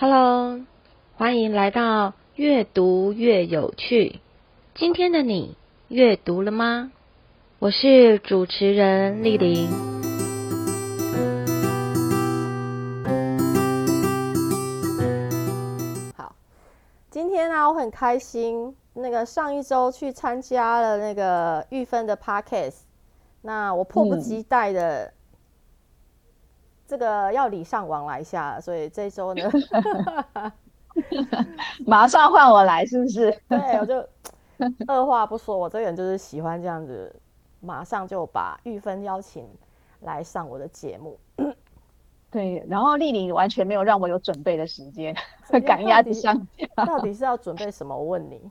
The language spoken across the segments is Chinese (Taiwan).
Hello，歡迎來到越讀越有趣。今天的你、oh. 閱讀了嗎？我是主持人俐霖。好，今天呢、啊，我很開心。那個上一周去參加了那個鈺棻的 podcast，那我迫不及待的、嗯。這個要禮尚往來一下，所以這週呢， 馬上換我來，是不是？對，我就二話不說，我這個人就是喜歡這樣子，馬上就把鈺棻邀請來上我的節目。對，然後俐霖完全沒有讓我有準備的時間，趕鴨子上架。到底是要準備什麼？我問你，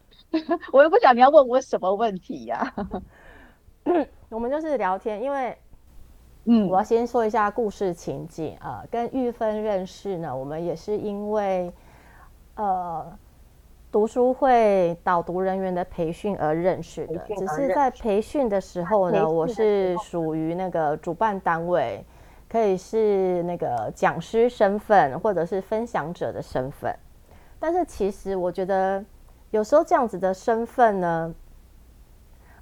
我又不曉得你要問我什麼問題呀、啊。 我們就是聊天，因為。嗯，我要先說一下故事情景啊。呃，跟鈺棻認識呢，我們也是因為，呃，讀書會導讀人員的培訓而認識的。只是在培訓的時候呢，我是屬於那個主辦單位，可以是那個講師身份，或者是分享者的身份。但是其實我覺得，有時候這樣子的身份呢，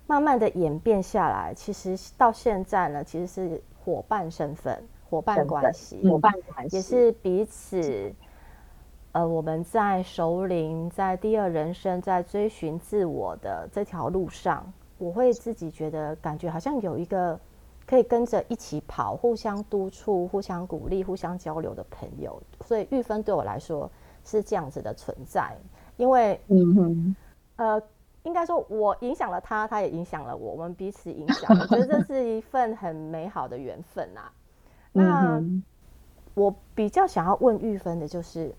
慢慢的演變下來，其實到現在呢，其實是。伙伴身份，伙伴關係，嗯、伙伴關係也是彼此，的呃，我們在熟齡，在第二人生，在追尋自我的這條路上，我會自己覺得感覺好像有一個可以跟着一起跑，互相督促、互相鼓勵、互相交流的朋友。所以鈺棻對我來說是這樣子的存在，因為，嗯哼，呃。應該說，我影響了他，他也影響了我，我們彼此影響，我覺得這是一份很美好的緣分啊。 那我比較想要問鈺棻的就是，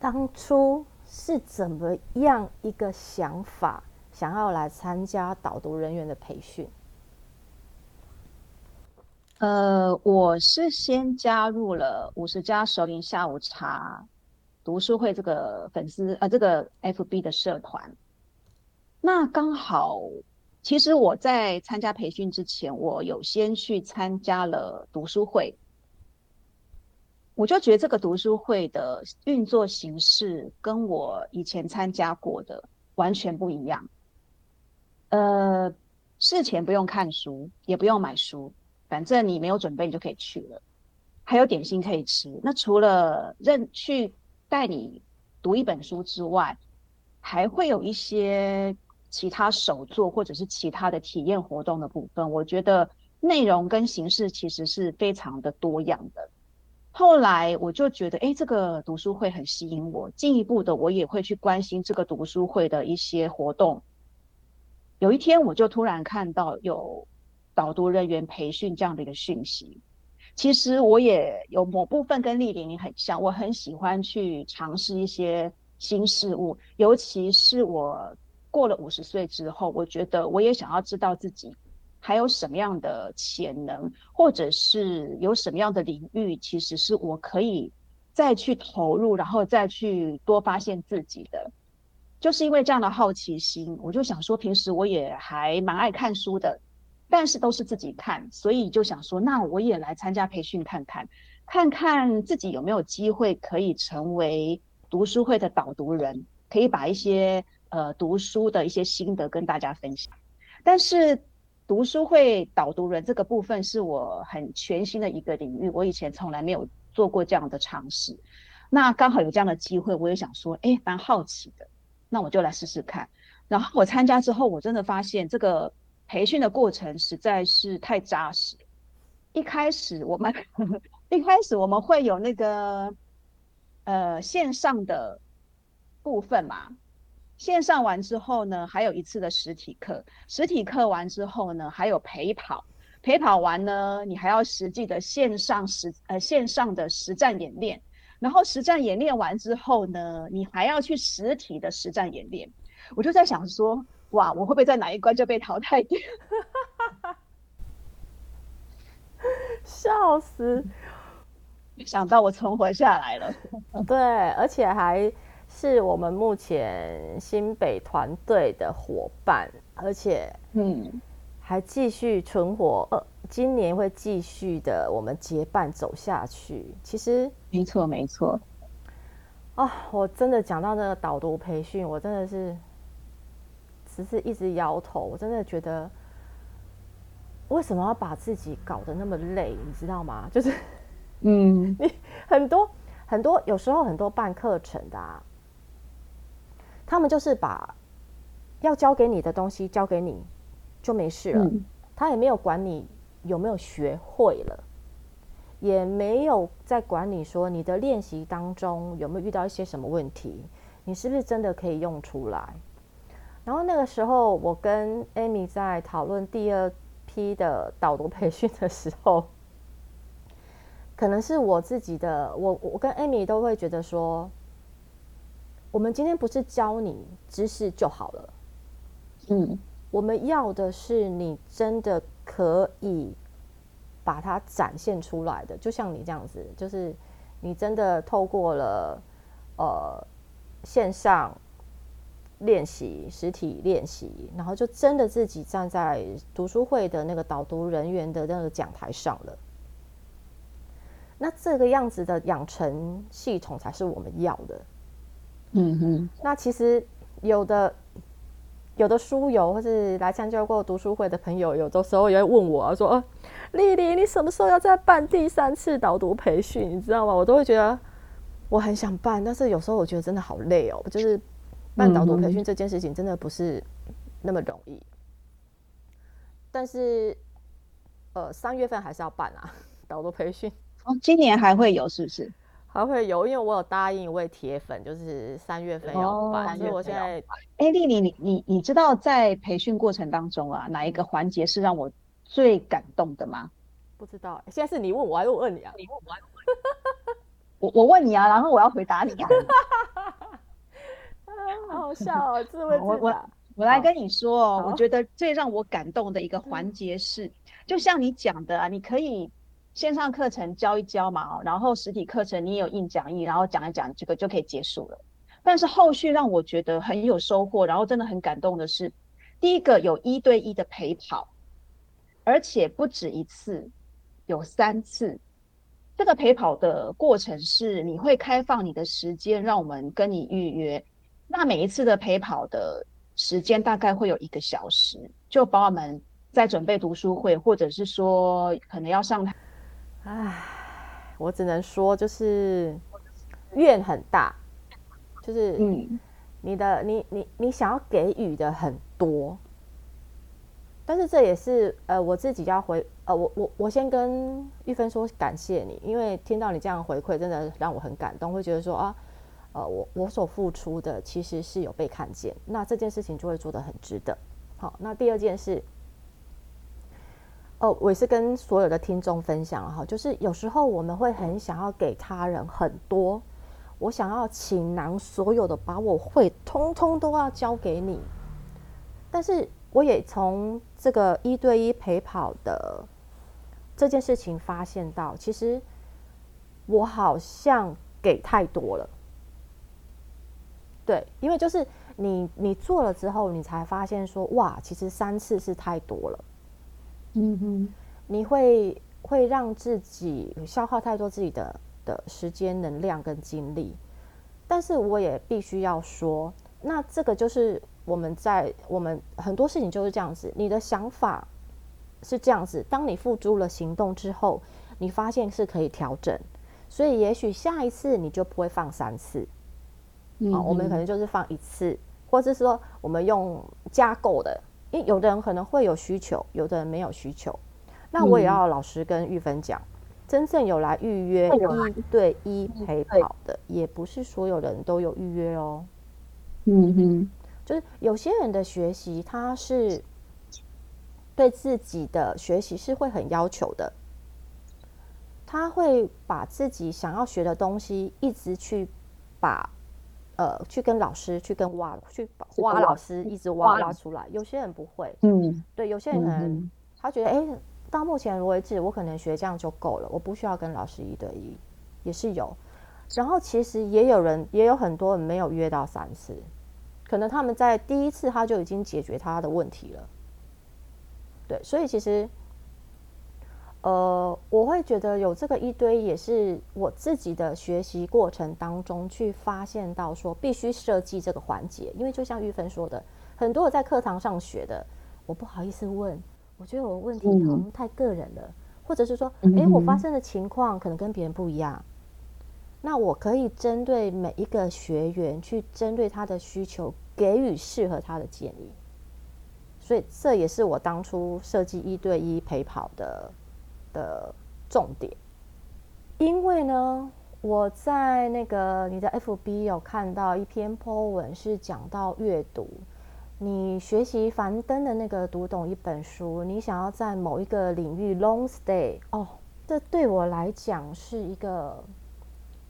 當初是怎麼樣一個想法，想要來參加導讀人員的培訓？呃，我是先加入了 50+ 熟齡下午茶讀書會這個粉絲啊、呃，這個 FB 的社團。那剛好，其實我在參加培訓之前，我有先去參加了讀書會，我就覺得這個讀書會的運作形式跟我以前參加過的完全不一樣。呃，事前不用看書，也不用買書，反正你沒有準備，你就可以去了，還有點心可以吃。那除了任去帶你讀一本書之外，還會有一些。其他手作或者是其他的體驗活動的部分，我覺得內容跟形式其實是非常的多樣的。後來我就覺得，哎，這個讀書會很吸引我。進一步的，我也會去關心這個讀書會的一些活動。有一天，我就突然看到有導讀人員培訓這樣的一個訊息。其實我也有某部分跟俐霖很像，我很喜歡去嘗試一些新事物，尤其是我。過了五十歲之後，我覺得我也想要知道自己還有什麼樣的潛能，或者是有什麼樣的領域，其實是我可以再去投入，然後再去多發現自己的。就是因為這樣的好奇心，我就想說，平時我也還蠻愛看書的，但是都是自己看，所以就想說，那我也來參加培訓看看，看看自己有沒有機會可以成為讀書會的導讀人，可以把一些。呃，讀書的一些心得跟大家分享，但是讀書會導讀人這個部分是我很全新的一個領域，我以前從來沒有做過這樣的嘗試。那剛好有這樣的機會，我也想說，哎、欸，蠻好奇的，那我就來試試看。然後我參加之後，我真的發現這個培訓的過程實在是太扎實。一開始我們 一開始我們會有那個呃線上的部分嘛。線上完之後呢，還有一次的實體課，實體課完之後呢，還有陪跑，陪跑完呢，你還要實際的線上實呃線上的實戰演練，然後實戰演練完之後呢，你還要去實體的實戰演練。我就在想說，哇，我會不會在哪一關就被淘汰掉,？ 笑死！沒想到我存活下來了。 對，而且還。是我們目前新北團隊的夥伴，而且嗯，還繼續存活，嗯、呃，今年會繼續的，我們結伴走下去。其實沒錯沒錯，啊、哦，我真的講到那個導讀培訓，我真的是只是一直搖頭，我真的覺得，為什麼要把自己搞得那麼累？你知道嗎？就是嗯， 你很多很多，有時候很多辦課程的啊。他們就是把要教給你的東西教給你，就沒事了。嗯、他也沒有管你有沒有學會了，也沒有在管你說你的練習當中有沒有遇到一些什麼問題，你是不是真的可以用出來。然後那個時候，我跟 Amy 在討論第二批的導讀培訓的時候，可能是我自己的，我我跟 Amy 都會覺得說。我們今天不是教你知識就好了，嗯，我們要的是你真的可以把它展現出來的，就像你這樣子，就是你真的透過了呃線上練習、實體練習，然後就真的自己站在讀書會的那個導讀人員的那個講台上了。那這個樣子的養成系統才是我們要的。嗯哼，那其實有的有的書友或是來參加過讀書會的朋友，有的時候也會問我啊，說：“俐霖，你什麼時候要再辦第三次導讀培訓？你知道嗎？”我都會覺得我很想辦，但是有時候我覺得真的好累哦，就是辦導讀培訓這件事情真的不是那麼容易。嗯哼，但是，呃，三月份還是要辦啊，導讀培訓哦，今年還會有是不是？還會有，因為我有答應一位鐵粉，就是三月份要辦，所以、oh, 我現在，哎，俐霖，你你你知道在培訓過程當中啊，嗯、哪一個環節是讓我最感動的嗎？不知道、欸，現在是你問我,我還是我問你啊？你問 我，我我問你啊，然後我要回答你。啊， 好笑啊、哦！這位，我我我來跟你說，好我覺得最讓我感動的一個環節是，嗯、就像你講的啊，你可以。線上課程教一教嘛，然後實體課程你也有印講義，然後講一講，這個就可以結束了。但是後續讓我覺得很有收穫，然後真的很感動的是，第一個有一對一的陪跑，而且不止一次，有三次。這個陪跑的過程是你會開放你的時間，讓我們跟你預約。那每一次的陪跑的時間大概會有一個小時，就幫我們在準備讀書會，或者是說可能要上台。唉，我只能說，就是怨很大，就是你的、嗯、你的你你你想要給予的很多，但是這也是呃我自己要回呃我我我先跟鈺棻說感謝你，因為聽到你這樣回饋，真的讓我很感動，會覺得說啊呃我我所付出的其實是有被看見，那這件事情就會做得很值得。好，那第二件事。哦，我也是跟所有的聽眾分享了哈，就是有時候我們會很想要給他人很多，我想要傾囊所有的，把我會通通都要交給你。但是我也從這個一對一陪跑的這件事情發現到，其實我好像給太多了。對，因為就是你你做了之後，你才發現說，哇，其實三次是太多了。嗯哼，mm hmm. 你會會讓自己消耗太多自己的的時間、能量跟精力，但是我也必須要說，那這個就是我們在我們很多事情就是這樣子，你的想法是這樣子，當你付諸了行動之後，你發現是可以調整，所以也許下一次你就不會放三次，好、mm hmm. 哦，我們可能就是放一次，或者是說我們用加購的。因為有的人可能會有需求，有的人沒有需求，那我也要老實跟鈺棻講，嗯、真正有來預約一對一陪跑的，啊、也不是所有人都有預約哦。嗯哼，就是有些人的學習，他是對自己的學習是會很要求的，他會把自己想要學的東西一直去把。呃，去跟老師去跟挖去挖老師，挖一直挖挖出來。了有些人不會，嗯、對，有些人可能、嗯、哼他覺得，哎、欸，到目前為止我可能學這樣就夠了，我不需要跟老師一對一，也是有。然後其實也有人也有很多人沒有約到三次，可能他們在第一次他就已經解決他的問題了。對，所以其實。呃，我會覺得有這個一堆，也是我自己的學習過程當中去發現到，說必須設計這個環節，因為就像鈺棻說的，很多我在課堂上學的，我不好意思問，我覺得我的問題可能太個人了，哦、或者是說，哎、欸，我發生的情況可能跟別人不一樣，嗯嗯，那我可以針對每一個學員去針對他的需求，給予適合他的建議，所以這也是我當初設計一對一陪跑的。的重點，因為呢，我在那個你的 FB 有看到一篇 po 文，是講到閱讀。你學習樊登的那個讀懂一本書，你想要在某一個領域 long stay 哦，這對我來講是一個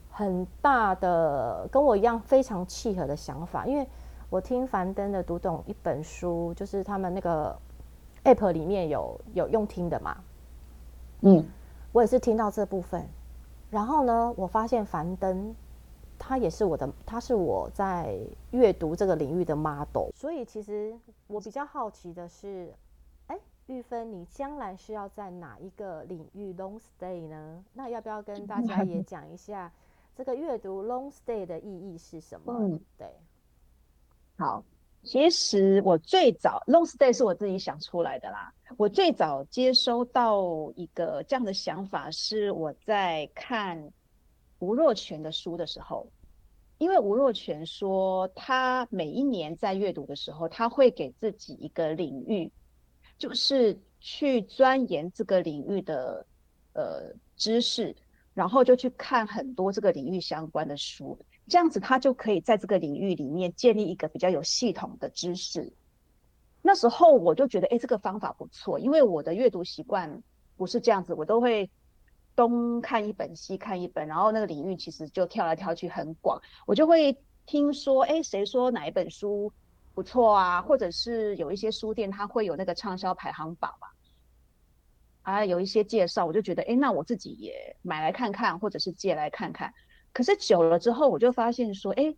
很大的跟我一樣非常契合的想法，因為我聽樊登的讀懂一本書，就是他們那個 app 裡面有有用聽的嘛。嗯，我也是聽到這部分，然後呢，我發現樊登，他也是我的，他是我在閱讀這個領域的 model，所以其實我比較好奇的是，哎，鈺棻，你將來是要在哪一個領域 long stay 呢？那要不要跟大家也講一下這個閱讀 long stay 的意義是什麼？嗯、對，好。其實我最早 long stay 是我自己想出來的啦。我最早接收到一個這樣的想法，是我在看吳若權的書的時候，因為吳若權說他每一年在閱讀的時候，他會給自己一個領域，就是去鑽研這個領域的呃知識，然後就去看很多這個領域相關的書。這樣子，他就可以在這個領域裡面建立一個比較有系統的知識。那時候我就覺得，哎，這個方法不錯，因為我的閱讀習慣不是這樣子，我都會東看一本，西看一本，然後那個領域其實就跳來跳去很廣。我就會聽說，哎，誰說哪一本書不錯啊？或者是有一些書店它會有那個暢銷排行榜啊，啊，有一些介紹，我就覺得，哎，那我自己也買來看看，或者是借來看看。可是久了之後，我就發現說，哎、欸，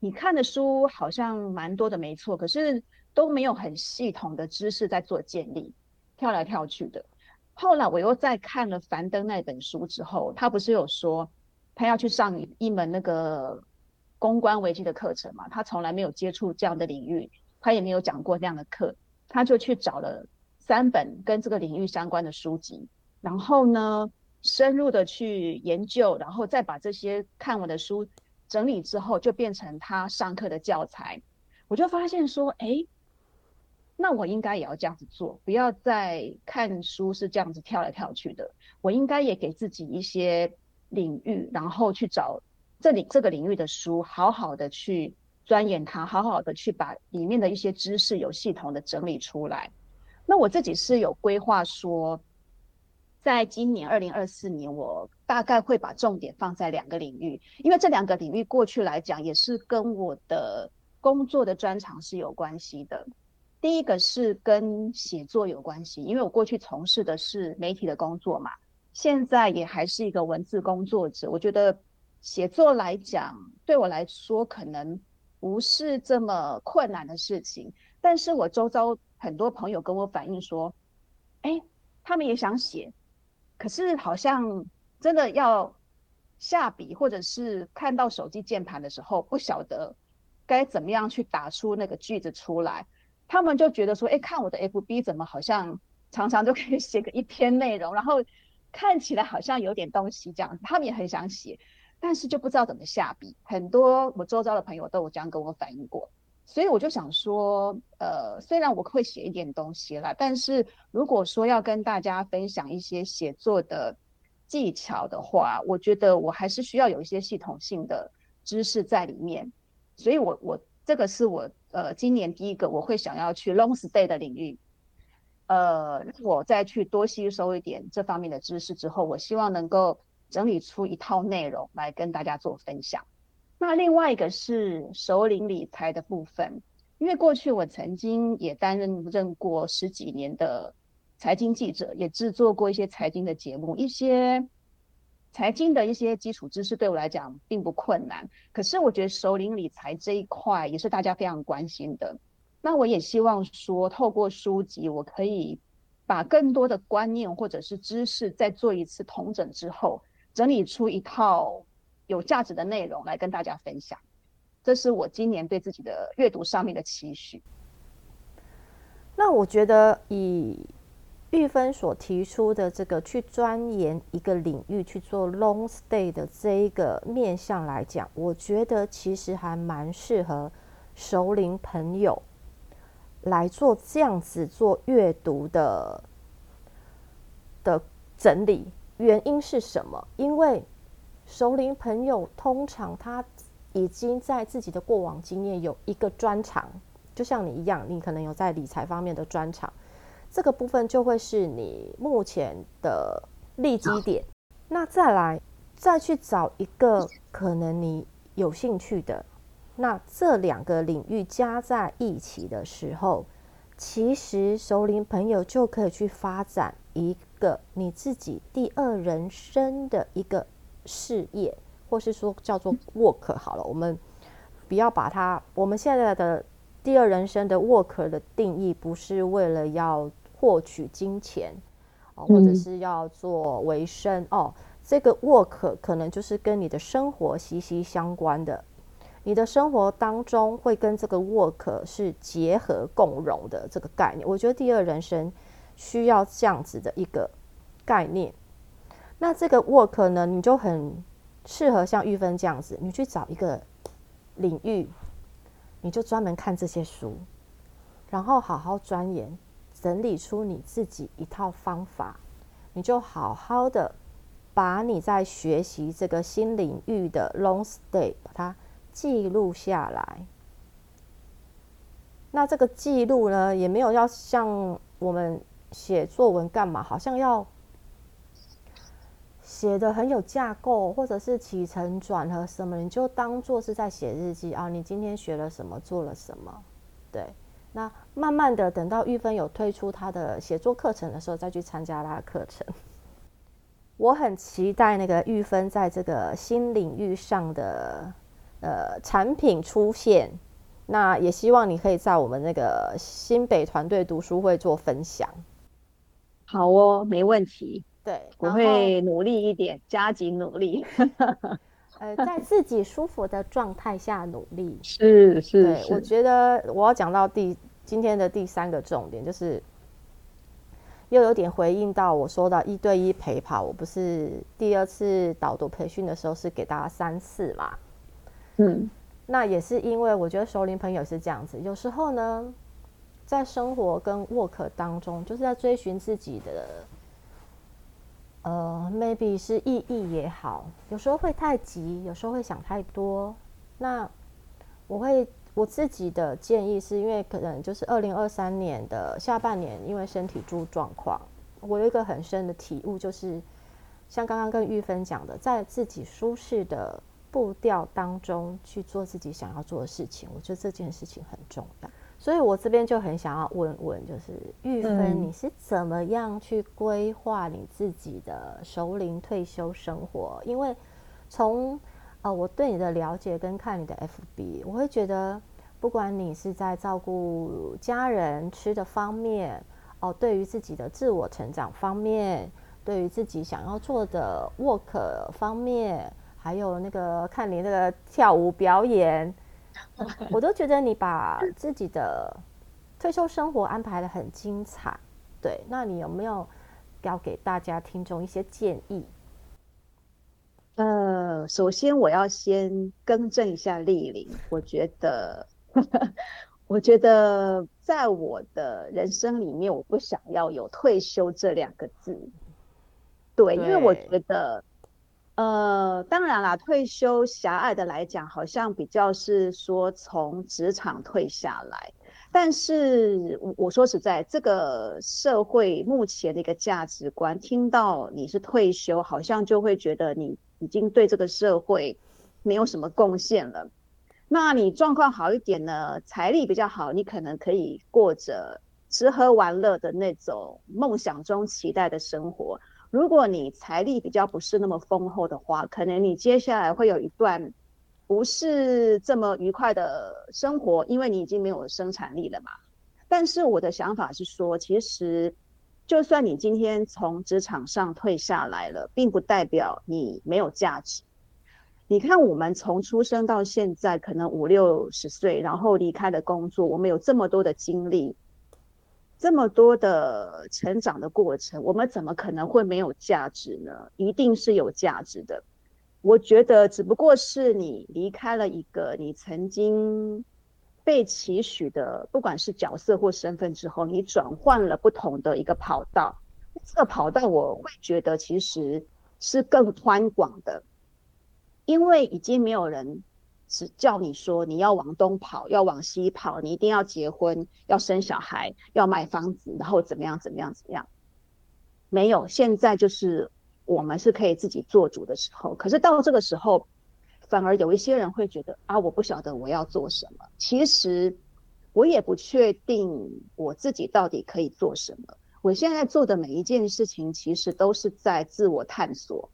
你看的書好像蠻多的，沒錯，可是都沒有很系統的知識在做建立，跳來跳去的。後來我又再看了樊登那本書之後，他不是有說他要去上一門那個公關危機的課程嘛？他從來沒有接觸這樣的領域，他也沒有講過這樣的課，他就去找了三本跟這個領域相關的書籍，然後呢，深入的去研究，然後再把這些看完的書整理之後，就變成他上課的教材。我就發現說，誒，那我應該也要這樣子做，不要再看書是這樣子跳來跳去的。我應該也給自己一些領域，然後去找這裡這個領域的書，好好的去鑽研它，好好的去把裡面的一些知識有系統的整理出來。那我自己是有規劃說，在今年二零二四年，我大概會把重點放在兩個領域，因為這兩個領域過去來講也是跟我的工作的專長是有關係的。第一個是跟寫作有關係，因為我過去從事的是媒體的工作嘛，現在也還是一個文字工作者。我覺得寫作來講，對我來說可能不是這麼困難的事情，但是我周遭很多朋友跟我反映說，欸，他們也想寫。可是好像真的要下筆，或者是看到手機鍵盤的時候，不曉得該怎麼樣去打出那個句子出來。他們就覺得說，欸，看我的 FB 怎麼好像常常就可以寫個一篇內容，然後看起來好像有點東西這樣。他們也很想寫，但是就不知道怎麼下筆。很多我周遭的朋友都有這樣跟我反映過。所以我就想說，呃，雖然我會寫一點東西啦，但是如果說要跟大家分享一些寫作的技巧的話，我覺得我還是需要有一些系統性的知識在裡面。所以我，我，這個是我，呃，今年第一個我會想要去 long stay 的領域，呃，我再去多吸收一點這方面的知識之後，我希望能夠整理出一套內容來跟大家做分享。那另外一個是熟齡理財的部分，因為過去我曾經也擔任任過十幾年的財經記者，也製作過一些財經的節目，一些財經的一些基礎知識對我來講並不困難。可是我覺得熟齡理財這一塊也是大家非常關心的，那我也希望說透過書籍，我可以把更多的觀念或者是知識再做一次統整之後，整理出一套。有價值的內容來跟大家分享。這是我今年對自己的閱讀上面的期許。那我覺得以鈺棻所提出的這個去鑽研一個領域去做 long stay 的這一個面向來講，我覺得其實還蠻適合熟齡朋友來做這樣子做閱讀的的整理。原因是什麼？因為熟齡朋友通常他已經在自己的過往經驗有一個專長，就像你一樣，你可能有在理財方面的專長，這個部分就會是你目前的利基點。那再來再去找一個可能你有興趣的，那這兩個領域加在一起的時候，其實熟齡朋友就可以去發展一個你自己第二人生的一個。事業，或是說叫做 work 好了，我們不要把它。我們現在的第二人生的 work 的定義，不是為了要獲取金錢，哦、或者是要做維生、嗯、哦。這個 work 可能就是跟你的生活息息相關的，你的生活當中會跟這個 work 是結合共融的這個概念，我覺得第二人生需要這樣子的一個概念。那這個 work 呢，你就很適合像鈺棻這樣子，你去找一個領域，你就專門看這些書，然後好好鑽研，整理出你自己一套方法，你就好好的把你在學習這個新領域的 long stay 把它記錄下來。那這個記錄呢，也沒有要像我們寫作文幹嘛，好像要。寫的很有架構，或者是起承轉合什麼，你就當做是在寫日記啊。你今天學了什麼，做了什麼？對，那慢慢的等到鈺棻有推出他的寫作課程的時候，再去參加他的課程。我很期待那個鈺棻在這個新領域上的呃產品出現。那也希望你可以在我們那個新北團隊讀書會做分享。好哦，沒問題。對，然後我會努力一點，加緊努力。 呃，在自己舒服的狀態下努力。 是是我覺得我要講到第今天的第三個重點，就是又有點回應到我說的一對一陪跑。我不是第二次導讀培訓的時候是給大家三次嘛？嗯，那也是因為我覺得熟齡朋友是這樣子，有時候呢，在生活跟 work 當中，就是在追尋自己的。呃，uh，maybe 是意義也好，有時候會太急，有時候會想太多。那我會我自己的建議是，因為可能就是二零二三年的下半年，因為身體出狀況，我有一個很深的體悟，就是像剛剛跟鈺棻講的，在自己舒適的步調當中去做自己想要做的事情，我覺得這件事情很重要。所以，我這邊就很想要問問，就是鈺棻，你是怎麼樣去規劃你自己的熟齡退休生活？因為從呃我對你的了解跟看你的 FB，我會覺得，不管你是在照顧家人吃的方面，哦、呃，對於自己的自我成長方面，對於自己想要做的 work 方面，還有那個看你那個跳舞表演。 我都覺得你把自己的退休生活安排得很精彩，對？那你有沒有要給大家聽眾一些建議？呃，首先我要先更正一下俐霖，我覺得， 我覺得在我的人生裡面，我不想要有退休這兩個字，對，對因為我覺得。呃，當然啦，退休狹隘的來講，好像比較是說從職場退下來。但是，我我說實在，這個社會目前的一個價值觀，聽到你是退休，好像就會覺得你已經對這個社會沒有什麼貢獻了。那你狀況好一點呢，財力比較好，你可能可以過着吃喝玩樂的那種夢想中期待的生活。如果你財力比較不是那麼豐厚的話，可能你接下來會有一段不是這麼愉快的生活，因為你已經沒有生產力了嘛。但是我的想法是說，其實就算你今天從職場上退下來了，並不代表你沒有價值。你看，我們從出生到現在，可能五六十歲，然後離開了工作，我們有這麼多的精力，這麼多的成長的過程，我們怎麼可能會沒有價值呢？一定是有價值的。我覺得，只不過是你離開了一個你曾經被期許的，不管是角色或身份之後，你轉換了不同的一個跑道。這個跑道，我會覺得其實是更寬廣的，因為已經沒有人。只叫你說你要往東跑，要往西跑，你一定要結婚，要生小孩，要買房子，然後怎麼樣，怎麼樣，怎麼樣。沒有，現在就是我們是可以自己做主的時候。可是到這個時候，反而有一些人會覺得啊，我不曉得我要做什麼。其實我也不確定我自己到底可以做什麼。我現在做的每一件事情，其實都是在自我探索。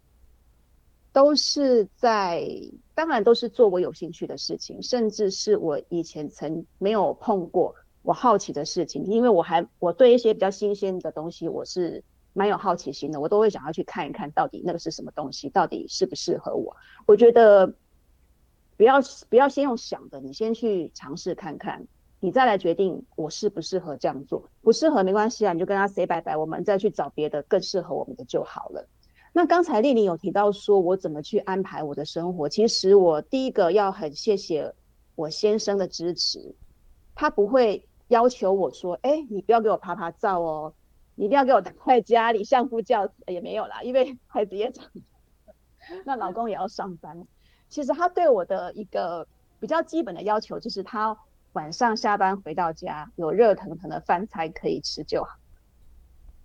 都是在，當然都是做我有興趣的事情，甚至是我以前曾沒有碰過，我好奇的事情。因為我還我對一些比較新鮮的東西，我是蠻有好奇心的，我都會想要去看一看到底那個是什麼東西，到底適不適合我。我覺得不要不要先用想的，你先去嘗試看看，你再來決定我適不適合這樣做。不適合沒關係啊，你就跟他 say 拜拜，我們再去找別的更適合我們的就好了。那剛才俐霖有提到說，我怎麼去安排我的生活？其實我第一個要很謝謝我先生的支持，他不會要求我說，哎、欸，你不要給我趴趴走哦，你一定要給我待在家裡相夫教子。也沒有啦，因為孩子也長，那老公也要上班。其實他對我的一個比較基本的要求就是，他晚上下班回到家有熱騰騰的飯菜可以吃就好。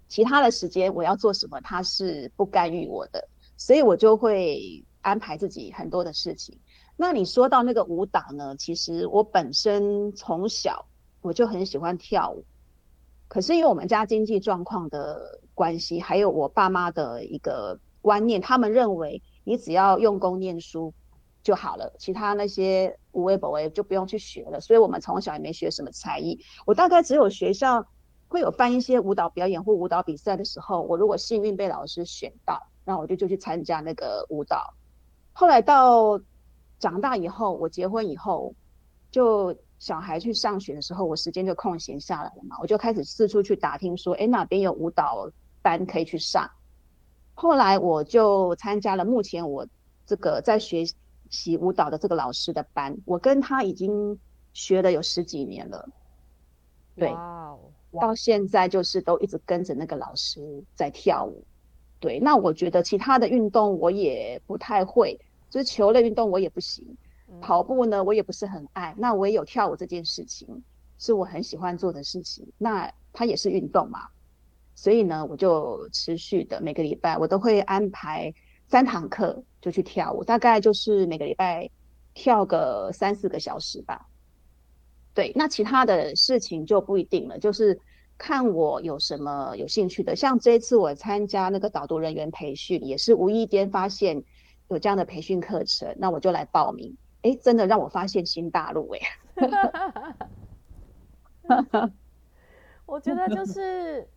其他的時間我要做什麼，他是不干預我的，所以我就會安排自己很多的事情。那你說到那個舞蹈呢？其實我本身從小我就很喜歡跳舞，可是因為我們家經濟狀況的關係，還有我爸媽的一個觀念，他們認為你只要用功念書就好了，其他那些無謂不謂就不用去學了。所以我們從小也沒學什麼才藝，我大概只有學校，會有辦一些舞蹈表演或舞蹈比賽的時候，我如果幸運被老師選到，那我就就去參加那個舞蹈。後來到長大以後，我結婚以後，就小孩去上學的時候，我時間就空閒下來了嘛，我就開始四處去打聽說，哎，哪邊有舞蹈班可以去上。後來我就參加了目前我這個在學習舞蹈的這個老師的班，我跟他已經學了有十幾年了。對。Wow. 到現在就是都一直跟着那個老師在跳舞，對。那我覺得其他的運動我也不太會，就是球類運動我也不行，跑步呢我也不是很愛。那我也有跳舞這件事情是我很喜歡做的事情，那它也是運動嘛，所以呢我就持續的每個禮拜我都會安排三堂課就去跳舞，大概就是每個禮拜跳個三四個小時吧。對，那其他的事情就不一定了，就是看我有什麼有興趣的。像這次我參加那個導讀人員培訓，也是無意間發現有這樣的培訓課程，那我就來報名。哎，真的讓我發現新大陸哎！我覺得就是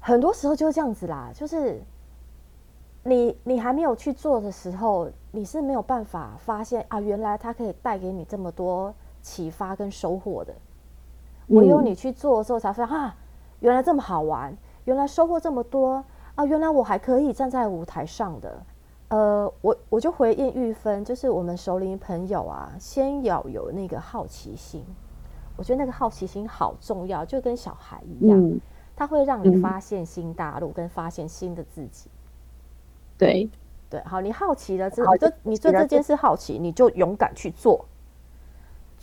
很多時候就是這樣子啦，就是你你還沒有去做的時候，你是沒有辦法發現啊，原來他可以帶給你這麼多。啟發跟收穫的，唯有你去做的時候才，才會、嗯、啊原來這麼好玩，原來收穫這麼多啊，原來我還可以站在舞台上的。呃，我我就回應鈺棻，就是我們熟齡朋友啊，先要有那個好奇心，我覺得那個好奇心好重要，就跟小孩一樣，它、嗯、會讓你發現新大陸，嗯、跟發現新的自己。對對，好，你好奇了之後，你對這件事好奇，對你就勇敢去做。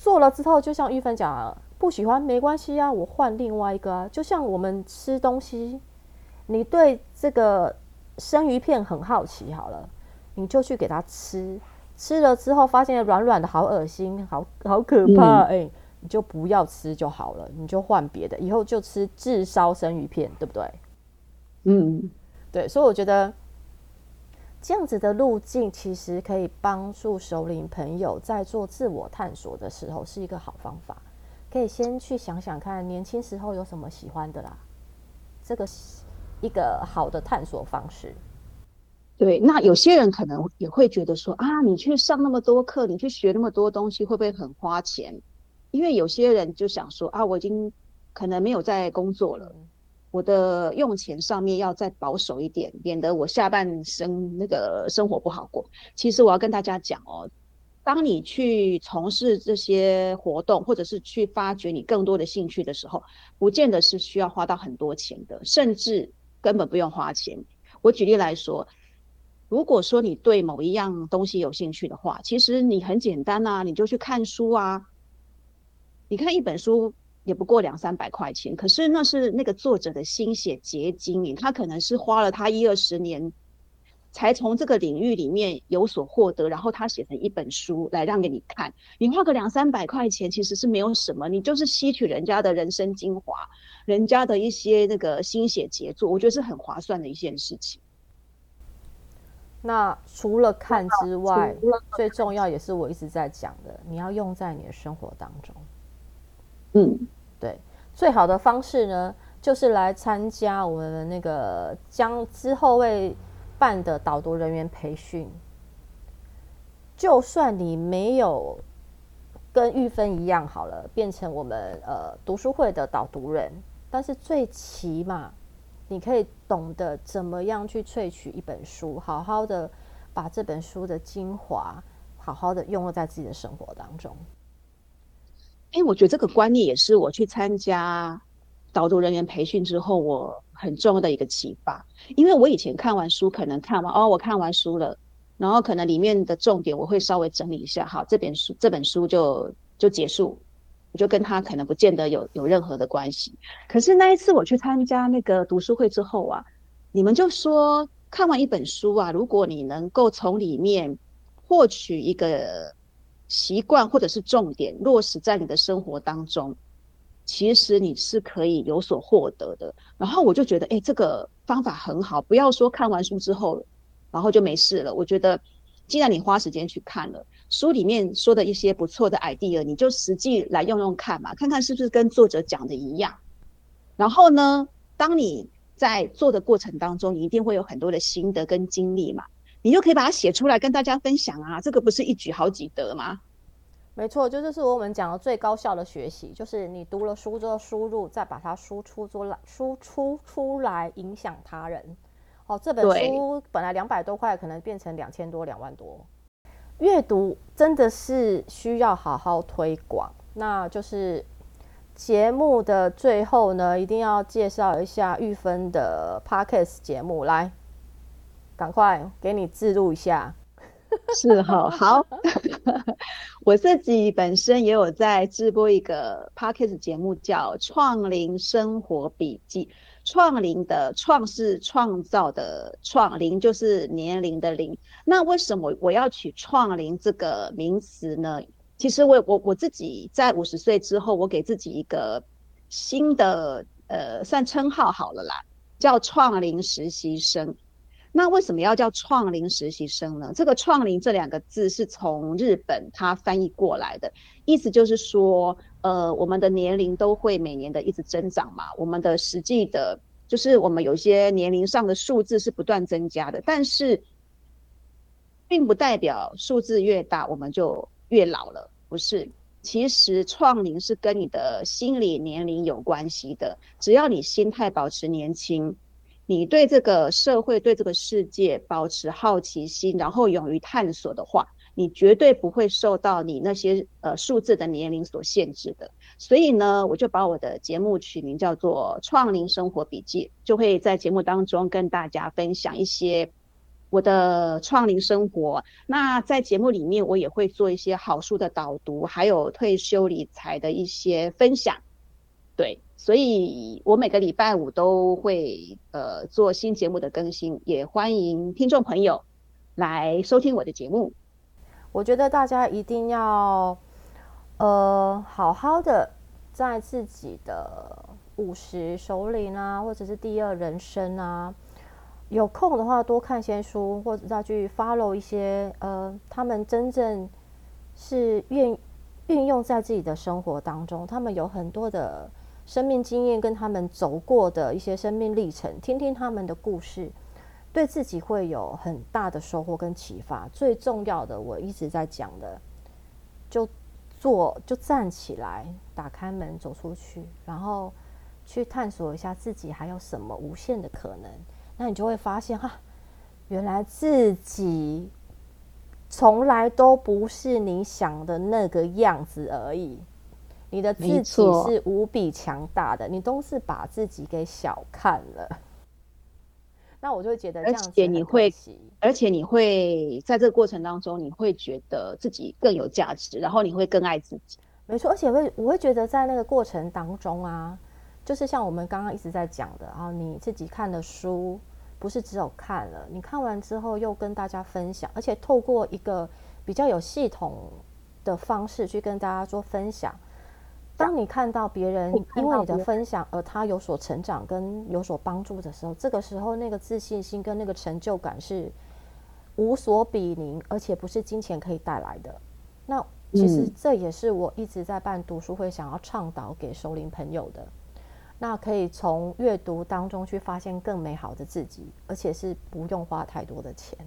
做了之後，就像鈺棻講啊，不喜歡沒關係啊，我換另外一個啊。就像我們吃東西，你對這個生魚片很好奇，好了，你就去給他吃，吃了之後發現軟軟的，好噁心，好好可怕，哎、嗯欸，你就不要吃就好了，你就換別的，以後就吃炙燒生魚片，對不對？嗯，對，所以我覺得。這樣子的路徑其實可以幫助熟齡朋友在做自我探索的時候，是一個好方法，可以先去想想看年輕時候有什麼喜歡的啦，這個是一個好的探索方式。對，那有些人可能也會覺得說啊，你去上那麼多課，你去學那麼多東西，會不會很花錢？因為有些人就想說啊，我已經可能沒有在工作了。我的用錢上面要再保守一點，免得我下半生那個生活不好過。其實我要跟大家講哦，當你去從事這些活動，或者是去發掘你更多的興趣的時候，不見得是需要花到很多錢的，甚至根本不用花錢。我舉例來說，如果說你對某一樣東西有興趣的話，其實你很簡單吶、啊，你就去看書啊。你看一本書。也不過兩三百塊錢，可是那是那個作者的心血結晶，他可能是花了他一二十年，才從這個領域裡面有所獲得，然後他寫成一本書來讓給你看。你花個兩三百塊錢，其實是沒有什麼，你就是吸取人家的人生精華，人家的一些那個心血傑作，我覺得是很划算的一件事情。那除了看之外，之外最重要也是我一直在講的，你要用在你的生活當中。嗯，對，最好的方式呢，就是來參加我們那個將之後會辦的導讀人員培訓。就算你沒有跟玉芬一樣好了，變成我們呃讀書會的導讀人，但是最起碼你可以懂得怎麼樣去萃取一本書，好好的把這本書的精華好好的用在自己的生活當中。哎、欸，我覺得這個觀念也是我去參加導讀人員培訓之後，我很重要的一個啟發。因為我以前看完書，可能看完哦，我看完書了，然後可能裡面的重點我會稍微整理一下，好，這本書這本書就就結束，我就跟他可能不見得有有任何的關係。可是那一次我去參加那個讀書會之後啊，你們就說看完一本書啊，如果你能夠從裡面獲取一個。習慣或者是重點落實在你的生活當中，其實你是可以有所獲得的。然後我就覺得，哎、欸，這個方法很好，不要說看完書之後，然後就沒事了。我覺得，既然你花時間去看了書裡面說的一些不錯的 idea，你就實際來用用看嘛，看看是不是跟作者講的一樣。然後呢，當你在做的過程當中，你一定會有很多的心得跟經歷嘛。你就可以把它寫出來跟大家分享啊，這個不是一舉好幾得嗎？沒錯，就是是我們講的最高效的學習，就是你讀了書之後輸入，再把它輸出出來，輸出出來影響他人。哦，這本書本來兩百多塊，對可能變成兩千多、兩萬多。閱讀真的是需要好好推廣。那就是節目的最後呢，一定要介紹一下鈺棻的 Podcast 節目來。趕快給你記錄一下是、哦，是哈好， 我自己本身也有在直播一個 podcast 節目，叫《創齡生活筆記》。創齡的“創”是創造的“創”，齡就是年齡的“齡”。那為什麼我要取“創齡”這個名詞呢？其實我我我自己在五十歲之後，我給自己一個新的呃算稱號好了啦，叫“創齡實習生”。那為什麼要叫創齡實習生呢？這個“創齡”這兩個字是從日本它翻譯過來的，意思就是說，呃，我們的年齡都會每年的一直增長嘛，我們的實際的，就是我們有些年齡上的數字是不斷增加的，但是並不代表數字越大我們就越老了，不是。其實創齡是跟你的心理年齡有關係的，只要你心態保持年輕，你對這個社會、對這個世界保持好奇心，然後勇於探索的話，你絕對不會受到你那些呃數字的年齡所限制的。所以呢，我就把我的節目取名叫做《創齡生活筆記》，就會在節目當中跟大家分享一些我的創齡生活。那在節目裡面，我也會做一些好書的導讀，還有退休理財的一些分享。對。所以，我每個禮拜五都會呃做新節目的更新，也歡迎聽眾朋友來收聽我的節目。我覺得大家一定要呃好好的在自己的五十、熟齡啊，或者是第二人生啊，有空的話多看些書，或者再去 follow 一些呃他們真正是運運用在自己的生活當中，他們有很多的，生命經驗跟他們走過的一些生命歷程，聽聽他們的故事，對自己會有很大的收穫跟啟發。最重要的，我一直在講的，就做，就站起來，打開門，走出去，然後去探索一下自己還有什麼無限的可能。那你就會發現，哈、啊，原來自己從來都不是你想的那個樣子而已。你的自己是無比強大的。錯你都是把自己給小看了。 那我就會覺得，這樣子你會，而且你會在這個過程當中，你會覺得自己更有價值，然後你會更愛自己。沒錯，而且會，我會覺得在那個過程當中啊，就是像我們剛剛一直在講的啊，然後你自己看的書不是只有看了，你看完之後又跟大家分享，而且透過一個比較有系統的方式去跟大家做分享。當你看到別人因為你的分享而他有所成長跟有所幫助的時候，這個時候那個自信心跟那個成就感是無所比擬，而且不是金錢可以帶來的。那其實這也是我一直在辦讀書會，想要倡導給熟齡朋友的。那可以從閱讀當中去發現更美好的自己，而且是不用花太多的錢。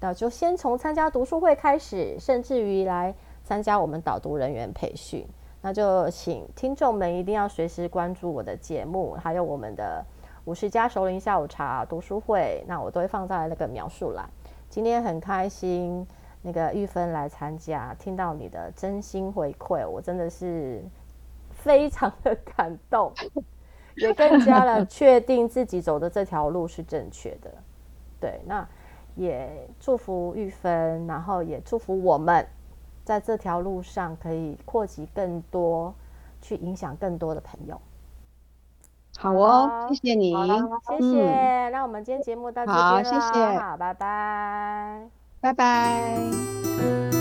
那就先從參加讀書會開始，甚至於來。參加我們導讀人員培訓，那就請聽眾們一定要隨時關注我的節目，還有我們的 50+ 熟齡下午茶讀書會，那我都會放在那個描述欄。今天很開心，那個鈺棻來參加，聽到你的真心回饋，我真的是非常的感動， 也更加了確定自己走的這條路是正確的。對，那也祝福鈺棻，然後也祝福我們。在這條路上，可以擴及更多，去影響更多的朋友。好哦，Hello. 謝謝你，嗯、謝謝。那我們今天節目到這，好，謝謝，好，拜拜，拜拜。